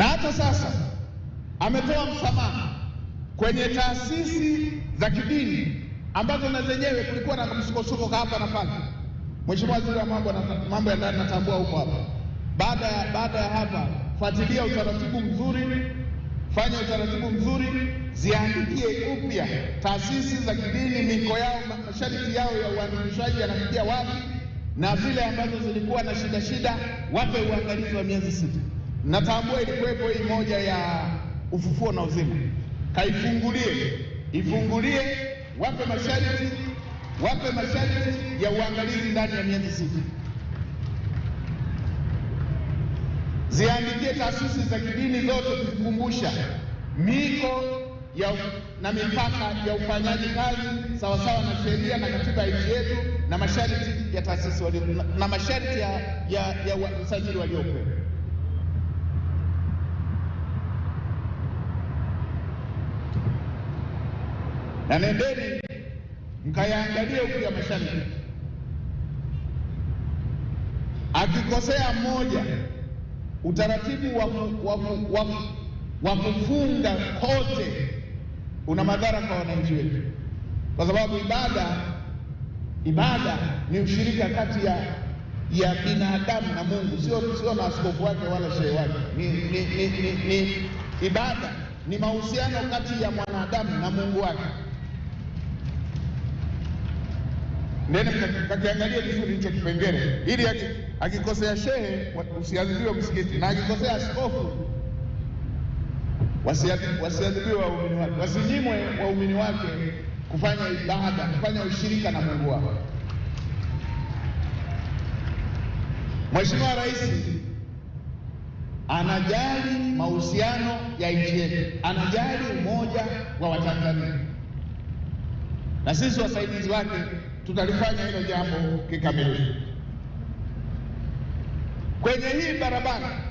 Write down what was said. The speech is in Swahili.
na hata sasa ametoa msamaha kwenye taasisi za kidini ambazo na zenyewe kulikuwa na msukosuko hapa na pale. Mheshimiwa Waziri wa mambo ya ndani, natambua huko hapa. Baada ya baada ya hapa, fuatilia utaratibu mzuri, fanya utaratibu mzuri, ziandikie upya taasisi za kidini, miko yao, masharti yao ya uanzishaji yanafikia wapi, na zile ambazo zilikuwa na shida shida, wape uangalizi wa miezi sita. Natambua ilikuwepo hii moja ya ufufuo na uzima, kaifungulie, ifungulie, wape masharti, wape masharti ya uangalizi ndani ya miezi sita, ziandikie taasisi za kidini zote kuzikumbusha miko ya, na mipaka ya ufanyaji kazi sawasawa na sheria na katiba ya nchi yetu na masharti ya taasisi walio na masharti ya, ya, ya usajili waliopewa. na nendeni mkayaangalie huku ya mashariki. Akikosea mmoja, utaratibu wa, wa, wa, wa kufunga kote una madhara kwa wananchi wetu, kwa sababu ibada ibada ni ushirika kati ya ya binadamu na Mungu, sio sio na askofu wake wala shehe wake. Ni, ni, ni, ni, ni ibada ni mahusiano kati ya mwanadamu na Mungu wake. nene kakiangalia vizuri hicho kipengele, ili akikosea shehe usiadhibiwe msikiti, na akikosea askofu wasiadhibiwe waumini wake, wasinyimwe waumini wake kufanya ibada, kufanya ushirika na Mungu wao. Mheshimiwa Rais anajali mahusiano ya nchi yetu, anajali umoja wa Watanzania na sisi wasaidizi wake tutalifanya hilo jambo kikamilifu kwenye hii barabara.